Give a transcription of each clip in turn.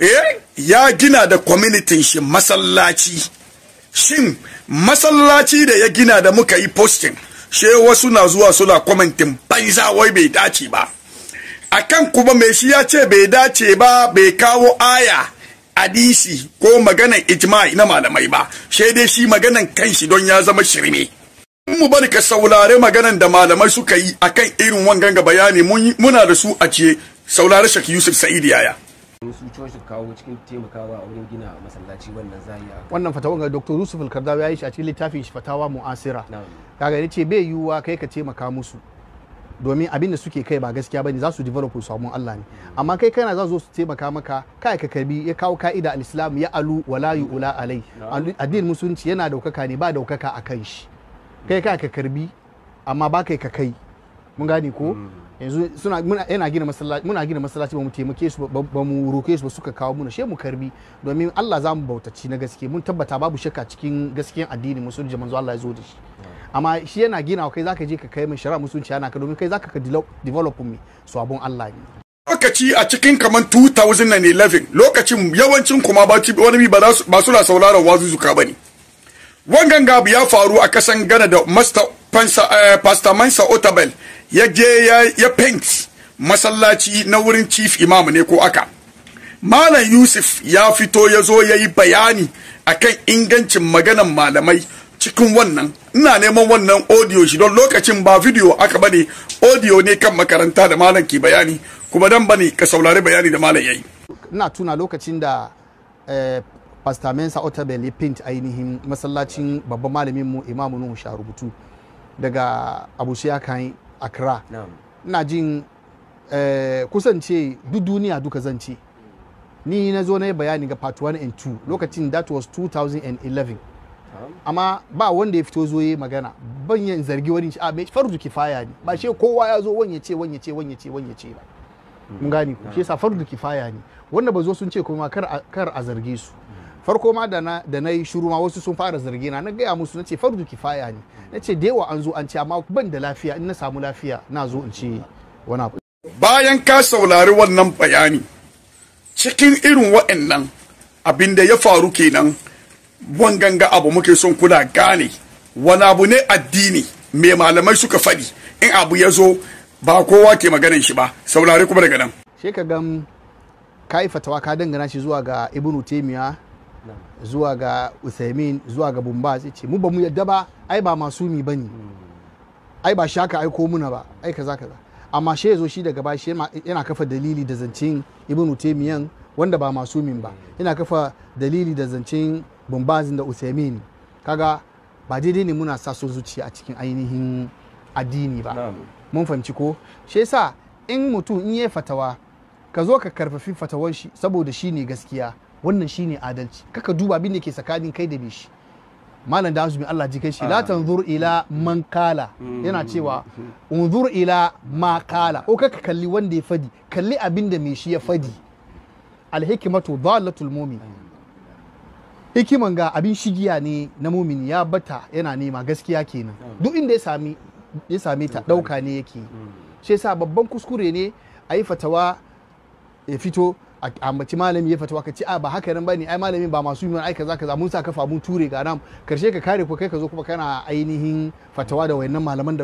E, ya gina da kwamitin shi masallaci shin masallaci da ya gina da muka yi posting she wasu na zuwa suna kwamitin banza wai bai dace ba A kan kuma mai shi ya ce bai dace ba bai kawo aya hadisi ko maganan ijma'i na malamai ba sai dai shi maganan kanshi don ya zama shirme mu bari ka saulare maganan da malamai suka yi akan irin wangan ga bayani muna da su a ce saulare shakki Yusuf Sa'id yaya su coci kawo cikin taimakawa a wurin gina masallaci wannan zai wannan fatawan ga dr yusuf alkardawa ya yi shi a cikin littafin shi fatawa mu'asira kaga ne ce bai yiwuwa kai ka taimaka musu domin abin da suke kai ba gaskiya bane za su develop su samu Allah ne mm. amma kai kana za su taimaka maka kai ka karbi ya kawo ka'ida al-islam ya alu wala mm. ula alai addinin musulunci yana daukaka ne ba daukaka akan shi kai ka ka karbi amma ba kai ka kai mun gane ko mm. yanzu muna gina masallaci muna gina masallaci ba mu taimake su ba mu roke su ba suka kawo mu shemu mu karbi domin Allah za mu bautaci na gaske mun tabbata babu shakka cikin gaskiyar addini musulunci manzo Allah ya zo da shi amma shi yana gina kai zaka je ka kai min shara musulunci yana ka domin kai zaka ka develop mi abun Allah ne lokaci a cikin kaman 2011 lokacin yawancin kuma wani ba su na sauraron wazuzuka ba ne wangan gabu ya faru a kasan gana da master Eh, pastor mansa otabel ya je ya paint masallaci na wurin chief imam ne ko aka malam yusuf ya fito ya zo ya yi bayani akan ingancin maganan malamai cikin wannan ina neman wannan audio shi don lokacin ba video aka bane audio ne kan makaranta da malam ke bayani kuma dan bane ka saurari bayani da malam yayi ina tuna lokacin da eh, pastor Mensa Otabel ya paint ainihin masallacin babban malamin mu Imam Nuhu rubutu. daga abusiya kan akra ina jin eh, kusance duk duniya duka zance ni na zo na yi bayani ga part 1 and 2 lokacin that was 2011 amma ba wanda ya fito zo yi magana ban yin zargi wani a ah, mai fardu kifaya ne ba shi kowa ya zo wanya ce wanya ce wanya ce wanya ce ba mun gane ku shi yasa fardu kifaya ne wanda ba zo sun ce kuma kar a zarge su farko ma da na yi shiru ma wasu sun fara zargi na na gaya musu na ce fardu kifaya ne na ce da yawa an zo an ce amma ban da lafiya in na samu lafiya na zo in ce wani abu bayan ka saurari wannan bayani cikin irin wa'annan abin da ya faru kenan wanganga abu muke son kula gane wani abu ne addini mai malamai suka faɗi in abu ya zo ba kowa ke maganin shi ba saurari kuma daga nan sai ka gan ka yi fatawa ka dangana shi zuwa ga ibnu taimiya zuwa ga Uthaymin zuwa ga Bumbaz ce mu ba mu yadda ba ai ba masumi bane ai ba shaka aiko muna ba ai kaza kaza amma shi yazo shi daga shi yana kafa dalili da zancen Ibn wanda ba mi ba yana kafa dalili da zancen Bumbaz da Uthaymin kaga ba daidai ne muna sa so zuciya a cikin ainihin addini ba mun fahimci ko shi yasa in mutum in yi fatawa ka zo ka karfafi fatawan shi saboda shi ne gaskiya wannan shine adalci kaka duba abin da ke tsakanin kai da bishi malam da azumi Allah ji kai shi la tanzur ila man yana cewa unzur ila ma kala ko kaka kalli wanda ya fadi kalli abin da mai shi ya fadi alhikmatu dhallatul mu'min hikiman ga abin shigiya ne na mumini ya bata yana nema gaskiya kenan duk inda ya sami ya same ta dauka ne yake shi yasa babban kuskure ne a yi fatawa ya fito a mace malami ya fatawa ka ce a ba haka nan bane ai malami ba masu yiwuwa ai kaza kaza mun sa kafa mun ture ga nan karshe ka kare ko kai ka zo kuma kana ainihin fatawa da wayannan malaman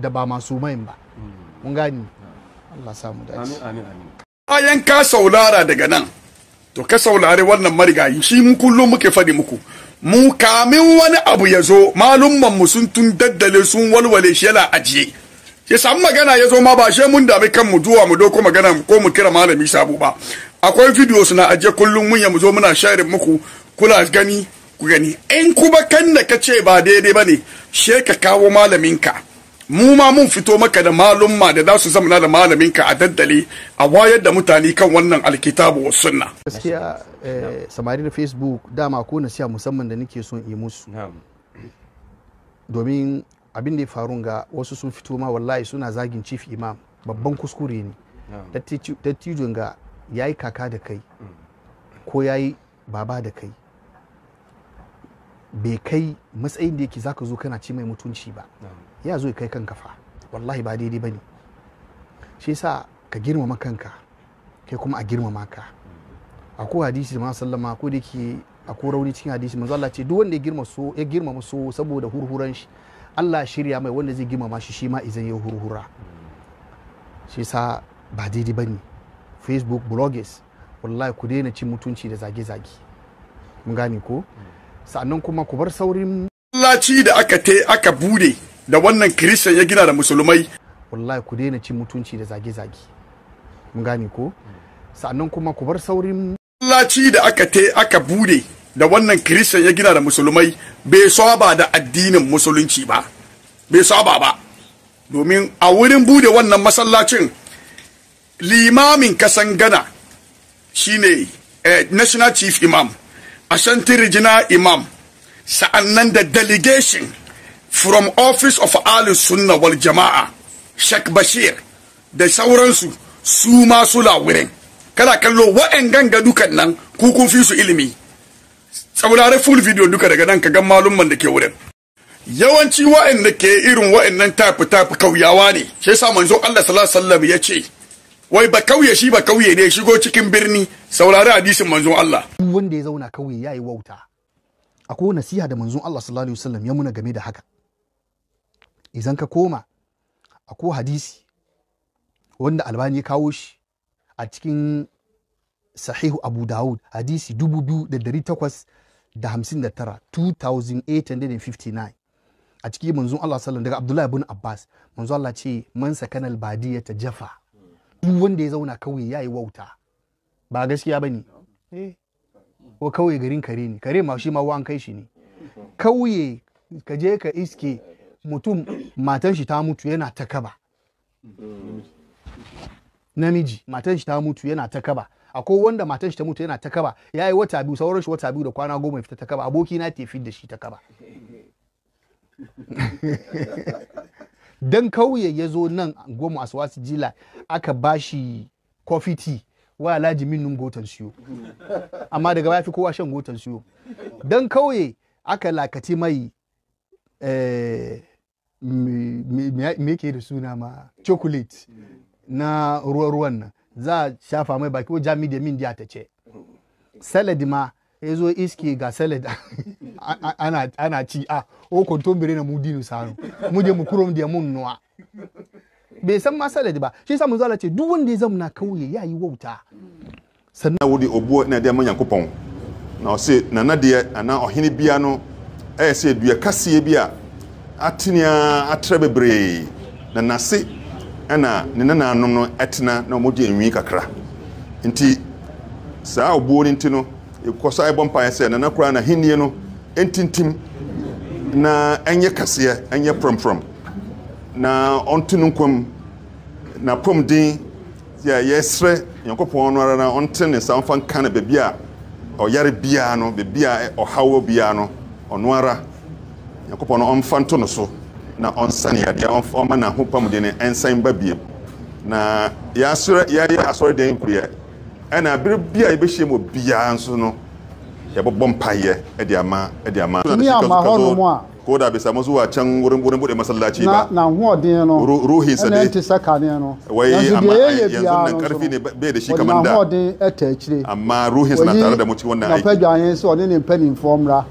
da ba masu mayin ba mm. mun gani Allah samu dace amin amin ayan ka saulara daga nan to ka saulare wannan marigayi shi mun kullum muke faɗi muku mu kamin wani abu ya zo malumman mu sun tun daddale sun walwale shi yana ajiye ya samu magana ya zo ma ba shi mun dami mu duwa mu doko magana ko mu kira malami sabu ba akwai videos na ajiye kullum mun ya zo muna share muku kula gani ku gani in kuma kan da ka ce ba daidai ba ne she ka kawo malaminka mu ma mun fito maka da malumma da za su zamana da malaminka a daddale a wayar da mutane kan wannan alkitabu wa sunna gaskiya eh, samari da facebook dama ko nasiya musamman da nake son yi musu domin abin da ya faru ga wasu sun fito ma wallahi suna zagin chief imam babban kuskure ne dattijon ga ya yi kaka da kai ko ya yi baba da kai bai kai matsayin da yake za ka zo kana ci mai mutunci ba ya zo kai kanka fa wallahi ba daidai ba ne shi sa ka girmama kanka kai kuma a girmama ka ko hadisi da sallama ko da ke ko rauni cikin hadisi manzo Allah ce duk ya girma so ya girmama so saboda hurhuran shi Allah shirya mai wanda zai girmama shi shi ma izan ya hurhura hmm. shi sa ba daidai ba ne. facebook bloggers wallahi ku daina cin mutunci da zage-zage mun gane ko sannan kuma ku bar saurin lalaci da aka te aka bude da wannan christian ya gina da musulmai wallahi ku daina cin mutunci da zage-zage mun gane ko sannan kuma ku bar saurin lalaci da aka te aka bude da wannan christian ya gina da musulmai bai saba da addinin musulunci ba bai saba ba domin a wurin bude wannan masallacin limamin kasan Ghana shine eh, National Chief Imam, Ashanti Regional Imam, sa'annan da delegation from Office of Ali Sunna wal Jama'a, Sheikh Bashir da sauransu su masu sula wurin. Kada kallo wa'yan ganga dukan nan kukun fi su ilimi. Saurare full video duka daga nan ka gan malumman da ke wurin. Yawanci wa'yan da ke irin wa'yan nan tafi-tafi kauyawa ne, shi yasa manzo Allah sallallahu alaihi ya ce, wai ba kauye shi ba kauye ne shigo cikin birni saurari hadisin manzon Allah wanda ya zauna kauye ya yi wauta akwai nasiha da manzon Allah sallallahu alaihi wasallam ya muna game da haka idan ka koma akwai hadisi wanda albani ya kawo shi a cikin sahihu abu dawud hadisi 2859 2859 a cikin manzon Allah sallallahu daga Abdullahi ibn Abbas manzon Allah ce man sakanal badiyata jafa duk wanda ya zauna kauye ya yi wauta ba gaskiya ba ne eh. ko kauye garin kare ne kare ma shi ma wa an kai shi ne kauye ka je ka iske mutum matan shi ta mutu yana ta kaba namiji matan shi ta mutu yana ta kaba akwai wanda matan shi ta mutu yana ta kaba ya yi wata biyu sauran shi wata biyu da kwana goma ya fita ta kaba aboki na da shi ta kaba dan kauye ya zo nan goma aswasi jila aka shi coffee tea wa alhaji min nun gotan siyo amma daga baya fi kowa shan gotan siyo dan kauye aka lakati mai eh, me yake da suna ma chocolate na ruwa-ruwan nan za a shafa mai baki wajen jami da min diya ta ce salad ma ya zo iske ga salad ana ci a ah, o kontombere na mu dinin sanu mu je mu kurom da mu nuwa bai san ma salad ba shi yasa manzo Allah ce duk wanda ya zamna kauye ya yi wauta na wodi obuo na da manyan kupon na ose na na de ana bia no eh se dua kase bia atenia atre na na nase ana ne nananom no etena eh, na omodi nwi kakra nti saa obuo ni nti no ekosa ebompa ese na na kura na hinie no ɛntintim. na ɛnyɛ kɛseɛ ɛnyɛ prɔmprɔm na ɔnto no nkɔm na pɔm den yɛ yɛsrɛ nyankopɔn no ara na ɔnte ne nsa ɔmfa nka no baabi a ɔyare biara no baabi a ɔhaw biara no ɔno ara nyankopɔn no ɔmfa nto no so na ɔnsane yadeɛ ɔma n'aho pam de ne ɛnsan ba biem na yɛasrɛ yɛayɛ asɔredan nkueɛ ɛna abere bi a yɛbɛhyia mu biara nso no yɛbɛbɔ mpayɛ de ama de ama. mi ama nom a. ko da bai samu zuwa can wurin wurin bude masallaci ba na huwa din no ruhin sa dai ta saka ne no wai amma yanzu nan karfi ne bai da shi kamar da na huwa din ta chire amma ruhin sa na tare da mu cikin wannan aiki na fagwa yin so ne ne pen inform ra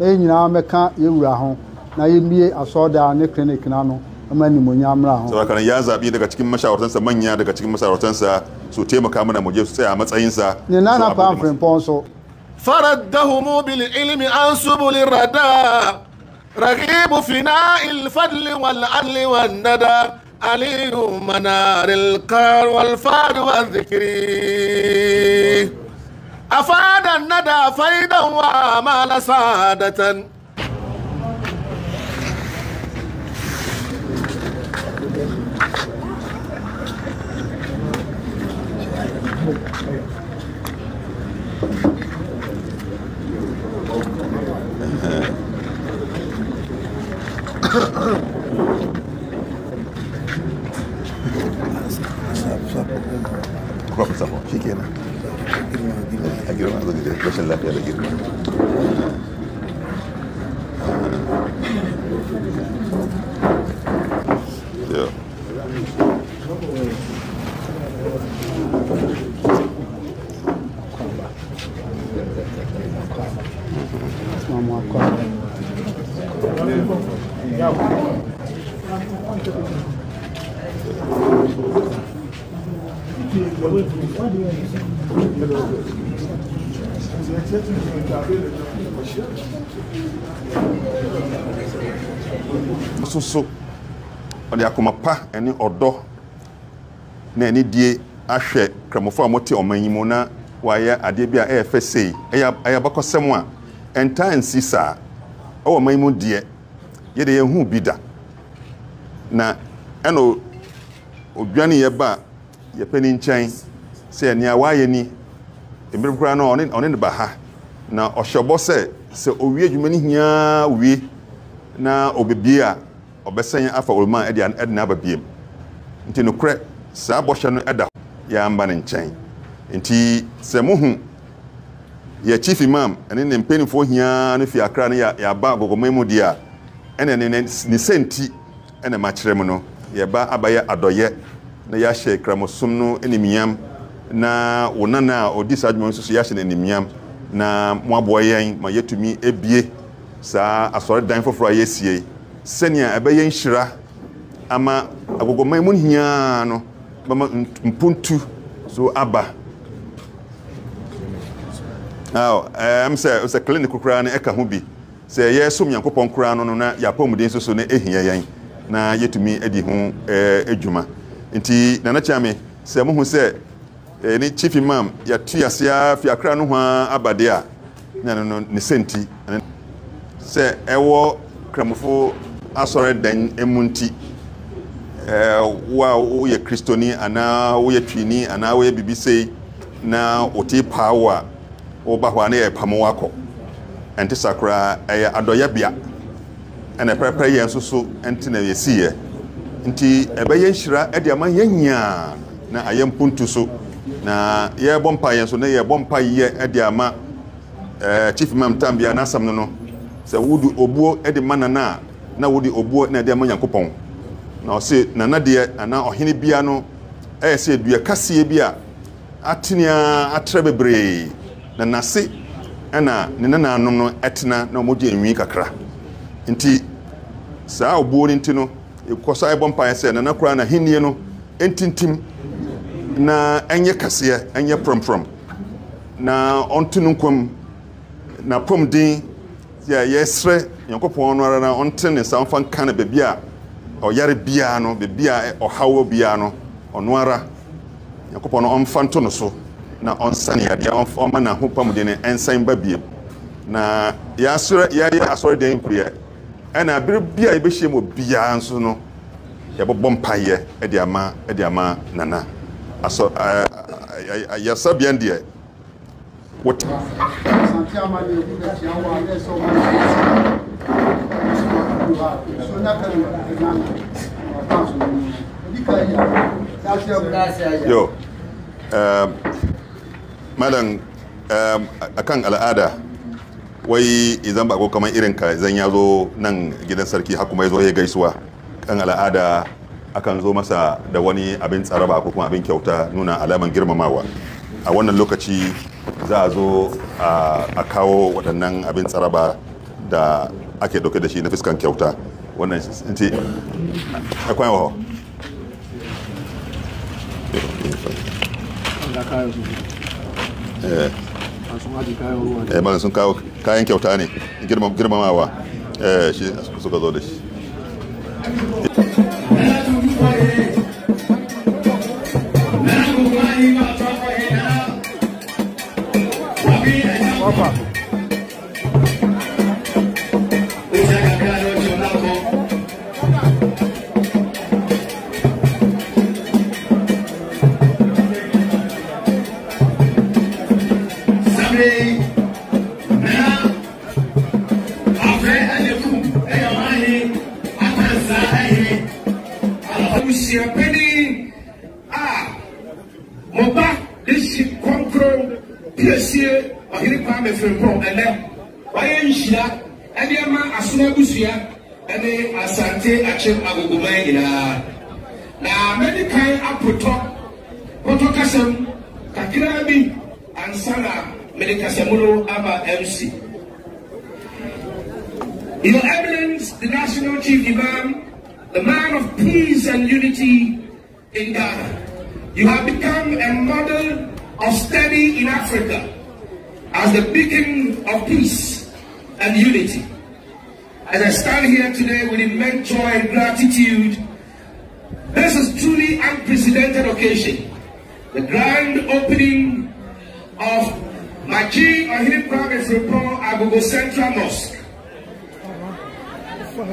eh nyina meka wura ho na yemie asoda ne clinic na no amma ni mun mura ho saboda kan ya zabi daga cikin sa manya daga cikin mashawartansa su taimaka mana mu je su tsaya matsayin sa ne na na fa fon so faraddahumu bil ilmi an subul rada رغيب فناء الفضل والعدل والندى علي منار القار والفار والذكر أفاد الندى فيدا وأمال سعادة Kurwa cofo, shi kenan. A girma zo da rashin lafiya da girma. Yeah. soso ɔde akoma pa ɛne ɔdɔ na ɛne die ahwɛ kramofo a wɔte ɔman yi mu na wɔayɛ adeɛ bi a ɛyɛ fɛ sei ɛyɛ abakɔsɛm a ɛntaa nsi saa ɛwɔ ɔman yi mu deɛ yɛde yɛhu bi da na ɛna odwane yɛba yɛpɛ ne nkyɛn sɛ nea wayɛ ni mmerɛ koraa no ɔne ne ba ha na ɔhyɛ bɔ sɛ sɛ owie adwuma no hiaa wie na obebie a ɔbɛsɛn afa oloma ɛde ɛde n'aba biem nti nokorɛ saa bɔhyɛ no ɛda yɛamba ne nkyɛn nti sɛ mohu yɛ chief imam ɛne ne mpanimfoɔ hiaa no fi akra no yɛaba agogɔma mu deɛ a ɛna ne ne sɛ nti ɛna makyerɛ mu no yɛba abɛyɛ adɔyɛ na yɛahyɛ kramosom no animuam na wo nana a ɔdi saa adwuma nso so yɛahyɛ no animuam na moaboa yɛn ma yɛtumi ebie saa asɔredan foforɔ a yɛasie sɛnea ɛbɛyɛ nhyira ama agogoman mu hiaa no bɛma mpontu so aba ɛm sɛ sɛ clinic koraa no ɛka ho bi sɛ yɛsom nyankopɔn koraa no no na yɛapɔmuden nso so no ɛhia yɛn na yɛtumi adi ho eh, adwuma nti nana kyame sɛ mohu sɛ eh, ne chief imam yɛatu yɛaseɛ fi akra no ho a abadeɛ a na no no ne sɛnti sɛ ɛwɔ kramofo asɔredan mu nti eh, wo woyɛ kristoni anaa woyɛ twini anaa woyɛ biribi sei na wote paa wo a woba hɔ a na yɛpamo wakɔ ɛnte sa koraa ɛyɛ adɔyɛbea ɛna pɛrɛpɛrɛ yɛn nso so ɛnte na yɛsiiɛ nti ɛbɛyɛ nhyira ɛde ama yɛn nyaa na ayɛ mpuntu so na yɛrebɔ mpa yɛn nso na yɛrebɔ mpa yɛ ɛde ama ɛɛ chief imam tambia n'asɛm no no sɛ wodi obuo ɛde ma nana a na wodi obuo na ɛde ama nyankopɔn na ɔsi nana deɛ anaa ɔhene bia no ɛyɛ sɛ dua kaseɛ bi a atenea atrɛ bebree na n'ase ɛna ne nananom no ɛtena na wɔgye nwi kakra nti saa obuo no nti no ɛkɔsa ɛbɔ mpaeɛ sɛ nana koraa n'ahennie no ɛntintim na ɛnyɛ kɛseɛ ɛnyɛ prɔmprɔm na ɔnte no nkɔm na pɔm den yɛ yɛsrɛ nyankopɔn no ara na ɔnte ne nsa mfa nka no beebi a ɔyare biara no beebi a ɔhaw biara no ɔno ara nyankopɔn no ɔmfa nto no so na ɔnsane adeɛ ɔma n'aho pam deɛ no ɛnsan ba biem na yɛasɔre yɛayɛ asɔredan nkueɛ ɛna abere bi a yɛbɛhyia mu biara nso no yɛbɛbɔ mpaeɛ ɛde ama ɛde ama nana asɔ ɛɛ yɛsabea deɛ wɔte. asante ama deɛ obi bɛ tia wɔ nana ɔfa so no a yɛ ahyɛ mu. yo. Um, malam um, a kan al'ada wai idan bako kamar irin ka zan ya zo nan gidan sarki har kuma ya zo ya gaisuwa kan al'ada akan zo masa da wani abin tsaraba ko kuma abin kyauta nuna alaman girmamawa a wannan lokaci za a zo a kawo waɗannan abin tsaraba da ake ɗauke da shi na fiskan kyauta wannan ce akwai wa eh masu sun kawo kayan kyauta ne girmamawa eh shi suka zo da shi Thank you. mmefimpɔn ɛnɛ wayɛ nhyira ɛde ama asoma abusua ɛne asante akyem agogoma nyinaa na mɛde apotɔ pɔtɔ kasɛm kakra bi ansa na mɛde ama mc your eminence the national chief imam the man of peace and unity in ghana you have become a model of study in africa as the beacon of peace and unity. As I stand here today with immense joy and gratitude, this is truly unprecedented occasion. The grand opening of Maji Ohim Province Report Agogo Central Mosque.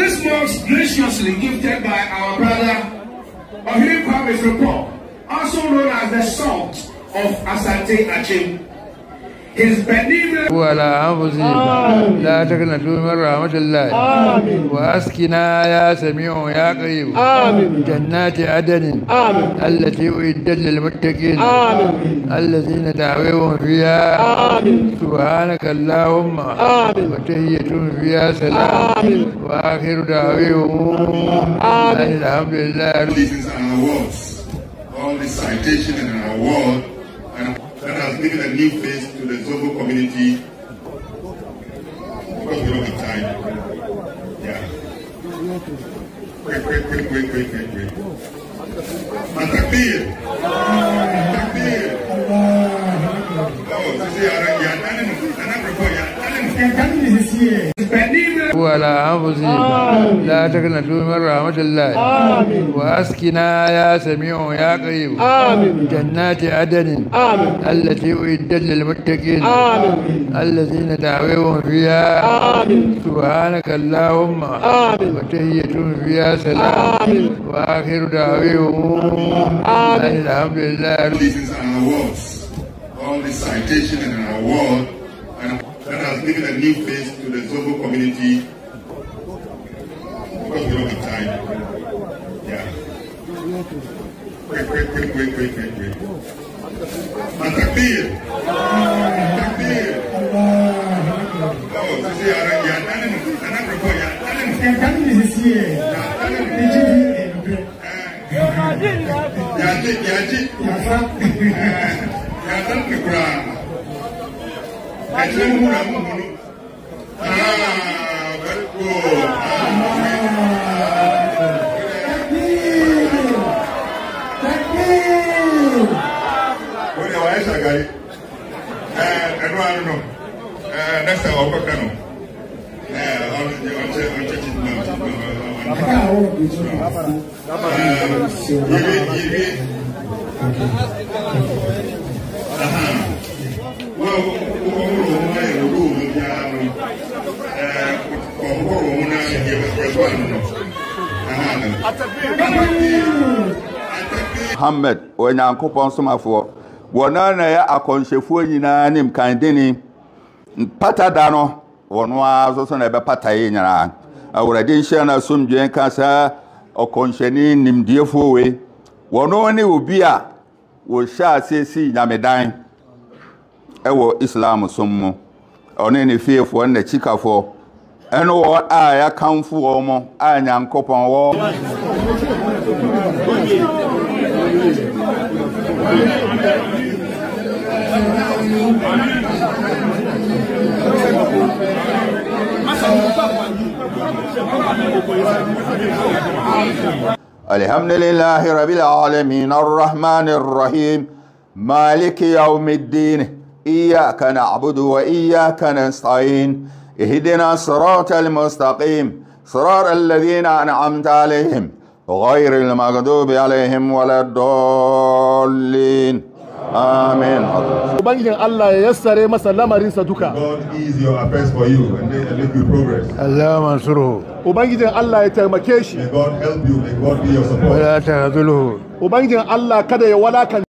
This mosque graciously gifted by our brother Ohim Province Report, also known as the salt of Asante Achim. وعلى أنفسهم لا تقنطوا من رحمة الله آمين وأسكنا يا سميع يا قريب آمين جنات عدن آمين التي أعدت للمتقين آمين الذين دعوهم فيها آمين سبحانك اللهم آمين وتحيتهم فيها سلام آمين وآخر دعوهم آمين الحمد لله All this citation and an award that has given a new face to the Zobo community. Because we don't have time. Yeah. Quick, quick, quick, quick, quick, quick, quick. Matakbir. أنفسنا لا تقنطوا من رحمة الله وأسكنا يا سميع يا قريب جنات عدن التي أعدت للمتقين الذين دعوهم فيها سبحانك اللهم وتهيتهم فيها سلام وآخر دعوهم أن الحمد لله all the citation and an award and that has given a new face to the Zobo community Takbir. Takbir. Oh, sisi arah ya tanem, anak rokok ya Ya tanem di sisi ya. Ya tanem di sisi. Ya tanem. Ya cik, ya cik. Ya sat. kurang tanem kurang. ayi ɛɛ ɛnu anu no ɛɛ nɛsɛ ɔkɔkɛ no ɛɛ ɔnu ɔtɛ ti na ɛɛ yibi yibi onyankopɔn somafoɔ. wɔno na yɛ akɔnhyɛfoɔ nyinaa ne mkandeni mpata da no wɔno ara nso so na ɛbɛpata yɛ nyinaa awurade nhyɛ no asomdwe ka saa ɔkɔnhyɛne nimdiefoɔ wei wɔno ne obi a wɔhyɛ aseesii nyamedan ɛwɔ islam som mu ɔne ne fiefoɔ ne n'akyikafoɔ ɛne wɔ a yɛakamfo wɔ mo a nyankopɔn wɔ Thank you. الحمد لله رب العالمين الرحمن الرحيم مالك يوم الدين إياك نعبد وإياك نستعين اهدنا صراط المستقيم صراط الذين أنعمت عليهم غير المغضوب عليهم ولا الضالين Amen. Ubangijin Allah ya yassare masa lamarinsa duka. God is your affairs for you and they make you progress. Allah mansuru. Ubangijin Allah ya taimake shi. May God help you, may God be your support. Ubangijin Allah kada ya walakanta